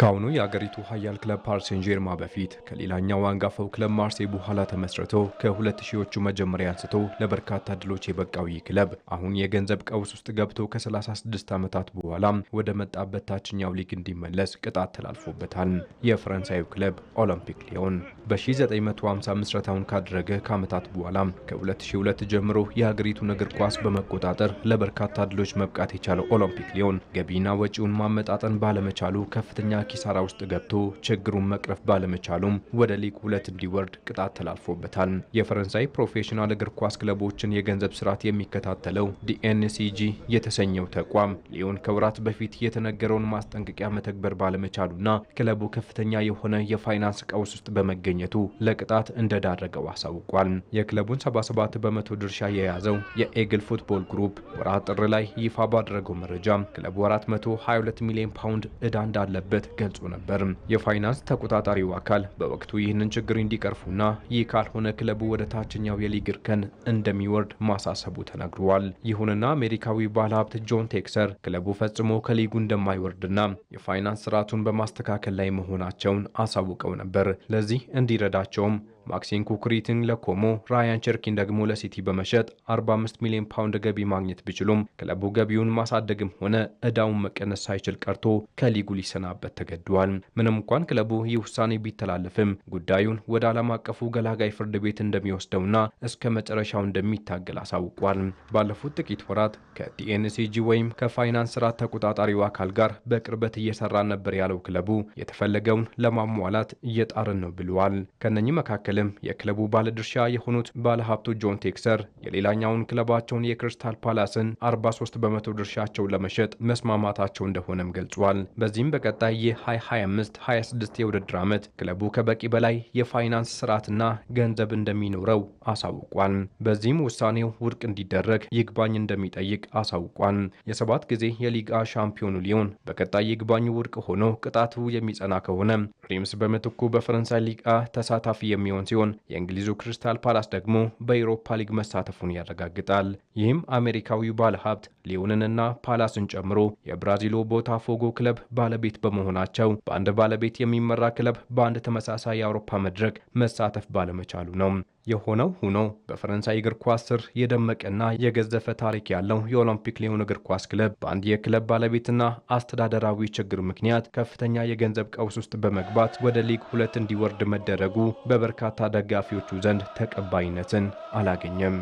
ከአሁኑ የአገሪቱ ኃያል ክለብ ፓሪስ ጀርማ በፊት ከሌላኛው አንጋፋው ክለብ ማርሴይ በኋላ ተመስርቶ ከሁለት ሺዎቹ መጀመሪያ አንስቶ ለበርካታ ድሎች የበቃው ይህ ክለብ አሁን የገንዘብ ቀውስ ውስጥ ገብቶ ከ36 ዓመታት በኋላ ወደ መጣበት ታችኛው ሊግ እንዲመለስ ቅጣት ተላልፎበታል። የፈረንሳዩ ክለብ ኦሎምፒክ ሊዮን በ1950 ምስረታውን ካደረገ ከዓመታት በኋላ ከ2002 ጀምሮ የሀገሪቱን እግር ኳስ በመቆጣጠር ለበርካታ ድሎች መብቃት የቻለው ኦሎምፒክ ሊዮን ገቢና ወጪውን ማመጣጠን ባለመቻሉ ከፍተኛ ኪሳራ ውስጥ ገብቶ ችግሩን መቅረፍ ባለመቻሉም ወደ ሊግ ሁለት እንዲወርድ ቅጣት ተላልፎበታል። የፈረንሳይ ፕሮፌሽናል እግር ኳስ ክለቦችን የገንዘብ ስርዓት የሚከታተለው ዲኤንሲጂ የተሰኘው ተቋም ሊዮን ከወራት በፊት የተነገረውን ማስጠንቀቂያ መተግበር ባለመቻሉና ክለቡ ከፍተኛ የሆነ የፋይናንስ ቀውስ ውስጥ በመገኘቱ ለቅጣት እንደዳረገው አሳውቋል። የክለቡን 77 በመቶ ድርሻ የያዘው የኤግል ፉትቦል ግሩፕ ወራት ጥር ላይ ይፋ ባደረገው መረጃ ክለቡ 422 ሚሊዮን ፓውንድ እዳ እንዳለበት ገልጾ ነበር። የፋይናንስ ተቆጣጣሪው አካል በወቅቱ ይህንን ችግር እንዲቀርፉና ይህ ካልሆነ ክለቡ ወደ ታችኛው የሊግ እርከን እንደሚወርድ ማሳሰቡ ተነግሯል። ይሁንና አሜሪካዊ ባለሀብት ጆን ቴክሰር ክለቡ ፈጽሞ ከሊጉ እንደማይወርድና የፋይናንስ ስርዓቱን በማስተካከል ላይ መሆናቸውን አሳውቀው ነበር። ለዚህ እንዲረዳቸውም ማክሲን ኩክሪትን ለኮሞ ራያን ቸርኪን ደግሞ ለሲቲ በመሸጥ 45 ሚሊዮን ፓውንድ ገቢ ማግኘት ቢችሉም ክለቡ ገቢውን ማሳደግም ሆነ እዳውን መቀነስ ሳይችል ቀርቶ ከሊጉ ሊሰናበት ተገዷል። ምንም እንኳን ክለቡ ይህ ውሳኔ ቢተላለፍም ጉዳዩን ወደ ዓለም አቀፉ ገላጋይ ፍርድ ቤት እንደሚወስደውና እስከ መጨረሻው እንደሚታገል አሳውቋል። ባለፉት ጥቂት ወራት ከቲኤንሲጂ ወይም ከፋይናንስ ስርዓት ተቆጣጣሪው አካል ጋር በቅርበት እየሰራ ነበር ያለው ክለቡ የተፈለገውን ለማሟላት እየጣርን ነው ብለዋል። ከነኚህ መካከልም የክለቡ ባለድርሻ የሆኑት ባለሀብቱ ጆን ቴክሰር የሌላኛውን ክለባቸውን የክሪስታል ፓላስን 43 በመቶ ድርሻቸው ለመሸጥ መስማማታቸው እንደሆነም ገልጿል። በዚህም በቀጣይ 2026 የውድድር ዓመት ክለቡ ከበቂ በላይ የፋይናንስ ስርዓትና ገንዘብ እንደሚኖረው አሳውቋል። በዚህም ውሳኔው ውድቅ እንዲደረግ ይግባኝ እንደሚጠይቅ አሳውቋል። የሰባት ጊዜ የሊጋ ሻምፒዮኑ ሊዮን በቀጣይ ይግባኙ ውድቅ ሆኖ ቅጣቱ የሚጸና ከሆነ ሪምስ በምትኩ በፈረንሳይ ሊጋ ተሳታፊ የሚሆን ሲሆን የእንግሊዙ ክሪስታል ፓላስ ደግሞ በኤሮፓ ሊግ መሳተፉን ያረጋግጣል። ይህም አሜሪካዊው ባለሀብት ሊዮንንና ፓላስን ጨምሮ የብራዚሉ ቦታፎጎ ክለብ ባለቤት በመሆናቸው ናቸው። በአንድ ባለቤት የሚመራ ክለብ በአንድ ተመሳሳይ የአውሮፓ መድረክ መሳተፍ ባለመቻሉ ነው። የሆነው ሆኖ በፈረንሳይ እግር ኳስ ስር የደመቀና የገዘፈ ታሪክ ያለው የኦሎምፒክ ሊዮን እግር ኳስ ክለብ በአንድ የክለብ ባለቤትና አስተዳደራዊ ችግር ምክንያት ከፍተኛ የገንዘብ ቀውስ ውስጥ በመግባት ወደ ሊግ ሁለት እንዲወርድ መደረጉ በበርካታ ደጋፊዎቹ ዘንድ ተቀባይነትን አላገኘም።